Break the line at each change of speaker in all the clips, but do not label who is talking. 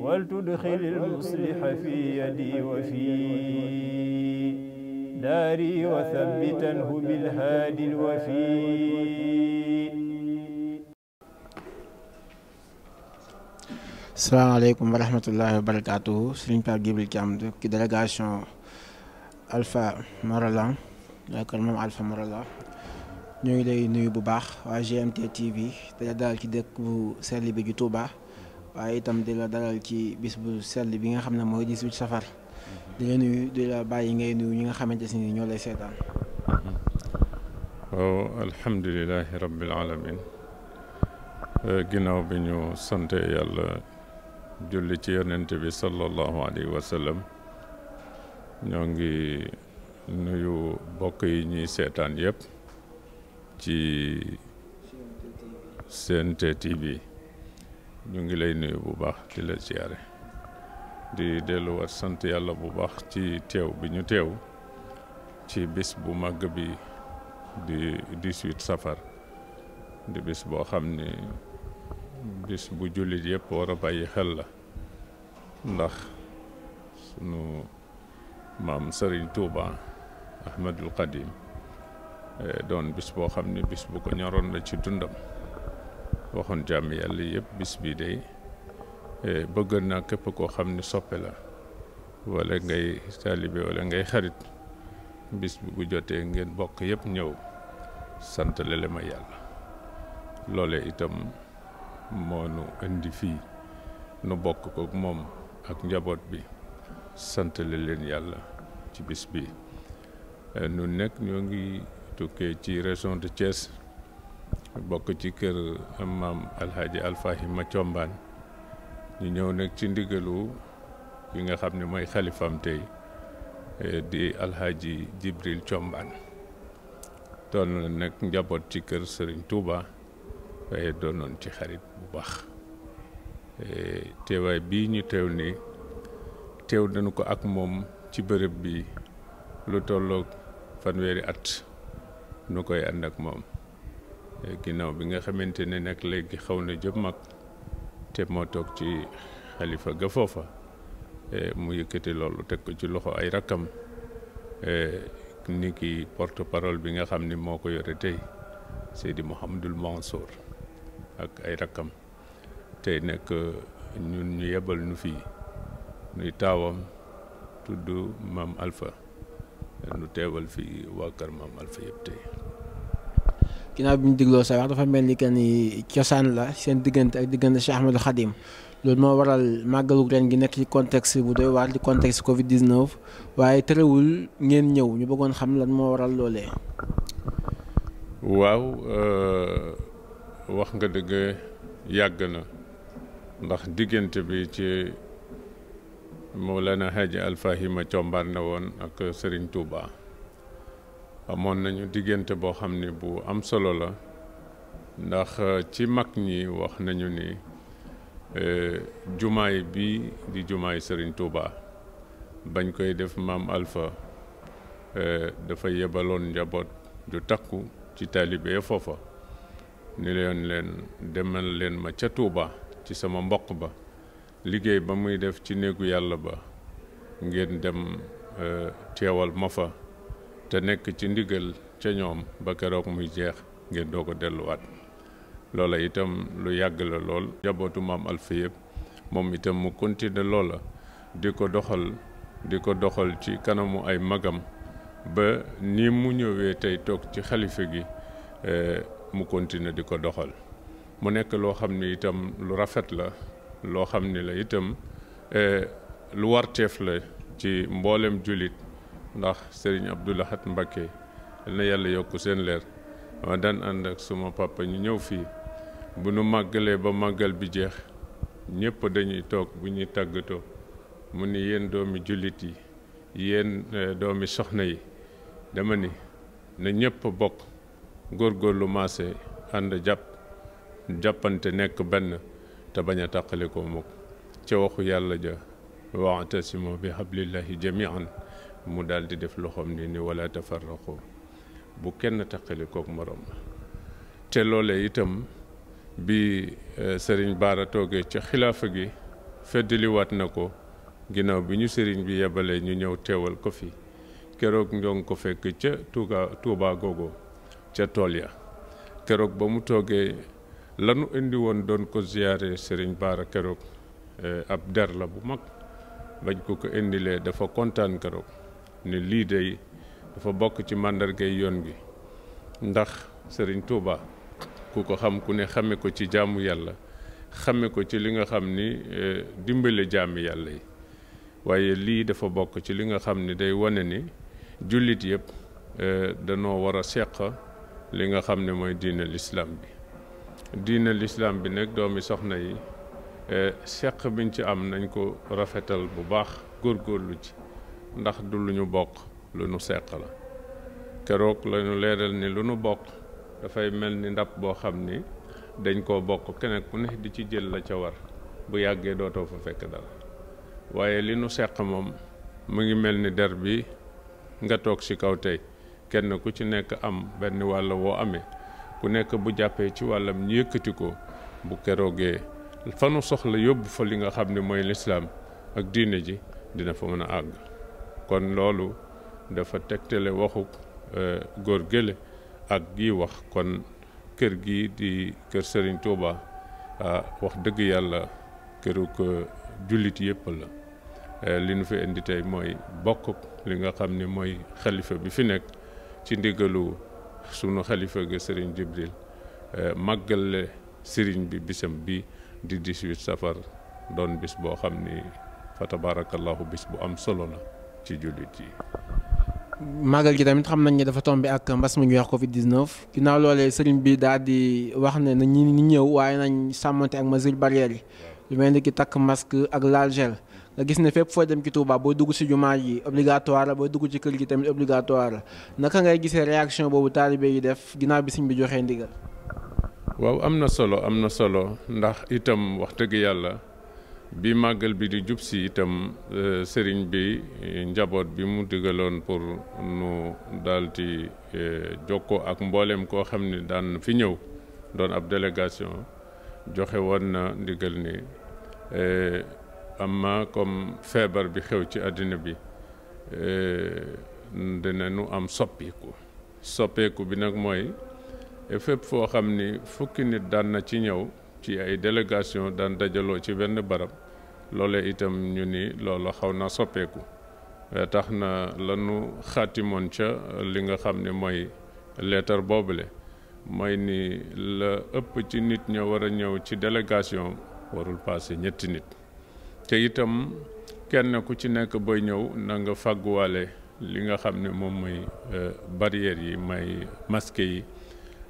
ولتدخل المصلح في يدي وفي داري وثبتنه بالهادي الوفي
salaamaaleykum wa rahmatullahi wa barakaatuhu Serigne Pape Djibril ki délégation Alpha Morala yaakaar ñoo ngi lay nuyu bu baax waa GMT TV daja daal ci dëkk bu sell bi ju waaye itam dina la dalal ci bis bu sell bi nga xam ne mooy 18 safar di la nuyu di bàyyi ngay nuyu ñi nga xamante ni ñoo lay seetaan.
waaw alhamdulilahi rabbil alamin ginnaaw bi ñu sante yàlla julli ci yonent bi sallallahu alayhi wa ñoo ngi nuyu bokk yi ñuy seetaan yëpp ci. CNT TV ñu ngi lay nuyu bu baax di la ziyaare di delluwaat sant yàlla bu baax ci teew bi ñu teew ci bis bu màgg bi di 18 safar di bis boo xam ni bis bu jullit yëpp war a bàyyi xel la ndax sunu maam Sëriñ Tuuba Ahmadul Xadim eh, doon bis boo xam ni bis bu ko ñoroon la ci dundam waxoon jàmm yàlla yëpp bis bi day eh, bëgg naa képp koo xam ni soppe la wala ngay taalibe wala ngay xarit bis bi bu jotee ngeen bokk yëpp ñëw sant lele ma yàlla loole itam moo nu indi fii nu bokk ko moom ak njaboot bi sant leen yàlla ci bis bi eh, nu nekk ñoo ngi tukkee ci région de Thiès bokk ci kër maam alxaaji alfahima combaan ñu ñëw nag ci ndigalu ki nga xam ni mooy xalifam tey eh, di alxaaji jibril combaan doon nag njaboot ci kër sëriñ Touba waaye doonoon ci xarit bu baax eh, teewaay bii ñu teew ni teew dañu ko ak moom ci bërëb bi lu tollook fanweeri at nu koy ànd ak moom ginnaaw bi nga xamante ne nag léegi xaw na jëm mag te moo toog ci xalifa ga foofa e, mu yëkkati loolu teg ko ci loxo ay rakkam e, ni ki porte parole bi nga xam ni moo ko yore tey Seydi Mouhamadul Mansour ak ay rakkam tey nag e, ñun ñu yebal nu fii nuy taawam tudd maam Alpha nu teewal fi waa kër maam Alpha yëpp tey
ginnaaw bi ñu dégloo sa wax dafa mel ni que ni cosaan la seen diggante ak diggante Cheikh Ahmadou Khadim loolu moo waral màggalu ren gi nekk ci contexte bu doy waar di contexte Covid 19 waaye terewul ngeen ñëw ñu bëggoon xam lan moo waral loolee.
waaw euh, wax nga dëgg yàgg na ndax diggante bi ci Mawlana Hadji Alfahima Combaan na woon ak Serigne Touba. amoon nañu diggante boo xam ni bu am solo la ndax euh, ci mag ñi wax nañu ni euh, jumaay bi di jumaay sëriñ Touba bañ koy def maam Alpha euh, dafa yebaloon njaboot ju takku ci taalibe foofa ni leen leen demal leen ma ca Touba ci sama mbokk ba liggéey ba muy def ci néegu yàlla ba ngeen dem teewal ma fa te nekk ci ndigal ca ñoom ba keroog muy jeex ngeen doo ko delluwaat loola itam lu yàgg la lool jabootu maam Alfa yëpp moom itam mu continuer loola di ko doxal di ko doxal ci kanamu ay magam ba ni mu ñëwee tey toog ci xalifa gi eh, mu continuer di ko doxal mu nekk loo xam ni itam lu rafet la loo xam ni la itam eh, lu warteef la ci mboolem jullit ndax sëriñ Abdou Lahad Mbacké yal na yàlla yokk seen leer ma daan ànd ak suma papa ñu ñëw fii bu nu màggalee ba màggal bi jeex ñépp dañuy toog bu ñuy tàggatoo mu ni yéen doomi jullit yi yéen eh, doomi soxna yi dama ni na ñëpp bokk góorgóorlu maase ànd jàpp jàppante nekk benn te bañ a tàqalikoo mukk ca waxu yàlla ja wa'tasimu bi hablillahi jami'an mu daldi def loxoom ni ni wala tafarraqu bu kenn taqali kook morom te loole itam bi e, sëriñ Baara toogee ca xilaafa gi feddaliwaat na ko ginnaaw bi ñu sëriñ bi yebalee ñu ñëw teewal ko fi keroog ñoo ko fekk ca tuubaa Touba ca tool ya keroog ba mu toogee lanu indi woon doon ko ziyaare sëriñ Baara keroog e, ab dar la bu mag bañ ko ko indilee dafa kontaan keroog ne lii day dafa bokk ci màndargay yoon gi ndax sëriñ tuuba ku ko xam ku ne xame ko ci jàmm yàlla xame ko ci li nga xam ni e, dimbale jaami yàlla yi waaye lii dafa bokk ci li nga xam ni day wane ni jullit yépp e, danoo war a seq li nga xam ne mooy diina lislaam bi diine lislaam bi nag doomi soxna yi e, seq biñ ci am nañ ko rafetal bu baax góor góorlu ci ndax du lu ñu bokk lu nu seq la keroog la leeral ni lu nu bokk dafay mel ni ndab boo xam ni dañ koo bokk keneen ku ne di ci jël la ca war bu yàggee dootoo fa fekk dara waaye li nu seq moom mu ngi mel ni der bi nga toog ci kaw tey kenn ku ci nekk am benn wàll woo amee ku nekk bu jàppee ci wàllam ñu yëkkati ko bu keroogee fanu soxla yóbbu fa li nga xam ne mooy lislaam ak diine ji dina fa mën a àgg kon loolu dafa tegtale waxu euh, góor gële ak gii wax kon kër gi di kër sëriñ Touba ah, wax dëgg yàlla këru ko jullit yëpp la euh, li nu fi indi tey mooy bokk li nga xam ni mooy xalifa bi fi nekk ci ndigalu sunu xalifa ga sëriñ Jibril euh, màggale sëriñ bi bisam bi di 18 safar doon bis boo xam ni fa tabarakallahu bis bu am solo la ci jullit yi.
màggal gi tamit xam nañ ne dafa tombé ak mbas mu ñuy wax Covid 19 ginnaaw loolee sëriñ bi daal wax ne na ñi ni ñëw waaye nañ sàmmante ak mesure barrière yi lu mel ni ki takk masque ak laal gel nga gis ne fépp foo dem ci Touba boo dugg si jumaa yi obligatoire la boo dugg ci kër gi tamit obligatoire la naka ngay gisee réaction boobu taalibe yi def ginnaaw bi sëriñ bi joxee ndigal.
waaw am na solo am na solo ndax itam wax dëgg yàlla. bi màggal bi di jub si itam euh, sëriñ bi euh, njaboot bi mu digaloon pour nu daldi euh, jokkoo ak mbooleem koo xam ni daan na fi ñëw doon ab délégation joxe woon na ndigal ni amma comme feebar bi xew ci àddina bi dina nu am soppiku soppeeku bi nag mooy fépp foo xam ni fukki nit daan na ci ñëw ci ay délégation daan dajaloo ci benn barab loolee itam ñu ni loolu xaw na soppeeku eh, tax na lanu xaatimoon ca li nga xam ne mooy leetar boobule mooy ni la ëpp ci nit ña war a ñëw ci délégation warul paase ñetti nit te itam kenn ku ci nekk booy ñëw na nga fàgguwaale li nga xam ne moom mooy eh, barrières yi may masque yi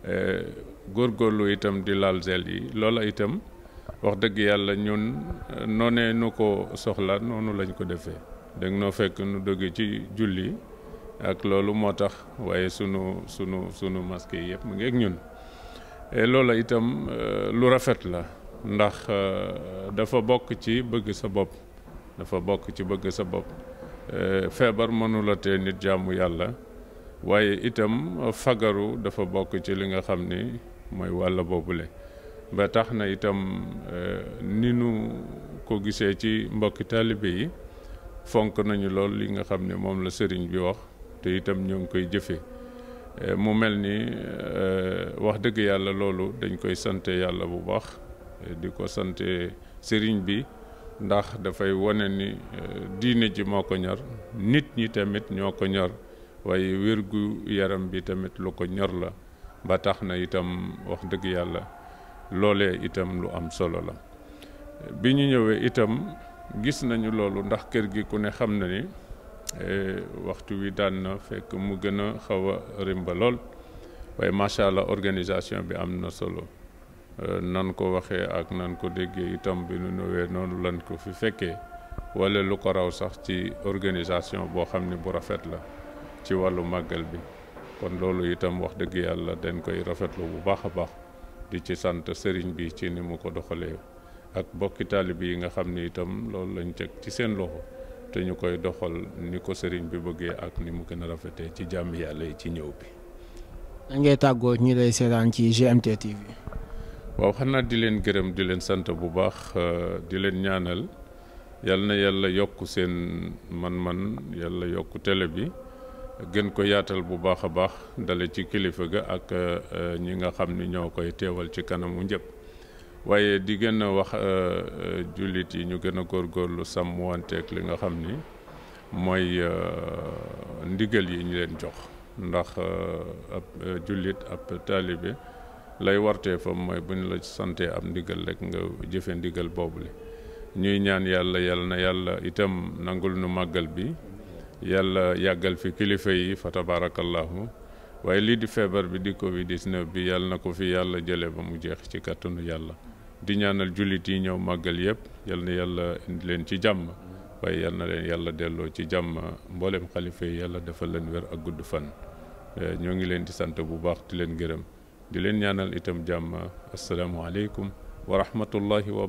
eh, góor góorlu itam di laal gel yi loola itam wax dëgg yàlla ñun eh, noonee nu ko soxla noonu lañ ko defee dégg noo fekk nu dogge ci julli ak loolu moo tax waaye sunu sunu sunu maske yi yëpp mu ngi ak ñun loola itam eh, lu rafet la ndax eh, dafa bokk ci bëgg sa bopp dafa bokk ci bëgg sa bopp feebar mënula te nit jaamu yàlla waaye itam fagaru dafa bokk ci li nga xam ni mooy wàll boobule. ba tax na itam euh, ni nu ko gisee ci mbokki taalibe yi fonk nañu lool li nga xam ne moom la sëriñ bi wax te itam ñoo ngi koy jëfe euh, mu mel ni euh, wax dëgg yàlla loolu dañ koy sante yàlla bu baax di ko sante sëriñ bi ndax dafay wane ni diine ji moo ko ñor nit ñi tamit ñoo ko ñor waaye wérgu yaram bi tamit lu ko ñor la ba tax na itam wax dëgg yàlla loolee itam lu am solo la bi ñu ñëwee itam gis nañu loolu ndax kër gi ku ne xam na ni eh, waxtu wi daan na fekk mu gën a xaw a rimba lool waaye macha allah organisation bi am na solo eh, nan ko waxee ak nan ko déggee itam bi nu ñëwee noonu lañ ko fi fekkee wala lu ko raw sax ci organisation boo xam ni bu rafet la ci wàllu màggal bi. kon loolu itam wax dëgg yàlla dañ koy rafetlu bu baax a baax di ci sant sëriñ bi ci ni mu ko doxalee ak bokki taalibe yi nga xam ni itam loolu lañ teg ci seen loxo te ñu koy doxal ni ko sëriñ bi bëggee ak ni mu gëna rafetee ci jàmm yàlla yi ci ñëw bi.
nan ngay tàggoo ñi lay seetaan ci GMT TV.
waaw xanaa di leen gërëm di leen sant bu baax euh, di leen ñaanal yal na yàlla yokk seen man-man yàlla yokk télé bi. gën ko yaatal bu baax a baax dale ci kilifa ga ak euh, euh, ñi nga xam ni ñoo koy teewal ci kanamu njëpp waaye di gën a wax euh, jullit yi ñu gën a góor góorlu sàmm wanteek li nga xam ni mooy ndigal yi ñu leen jox ndax ab jullit ab taalibe lay wartee fam mooy bu ñu la sante ab ndigal rek nga jëfe ndigal boobu li ñuy ñaan yàlla yàlla na yàlla itam nangul nu màggal bi yàlla yàggal fi kilifa yi fa tabarakallahu waaye lii di feebar bi di covid 19 bi yàlla na ko fi yàlla jële ba mu jeex ci kàttanu yàlla di ñaanal jullit yi ñëw màggal yépp yal yàlla indi leen ci jàmm waaye yal leen yàlla delloo ci jàmm mboolem xalifa yi yàlla defal leen wér ak gudd fan eh, ñoo ngi leen di sant bu baax di leen gërëm di leen ñaanal itam jàmm asalaamualeykum wa rahmatullahi wa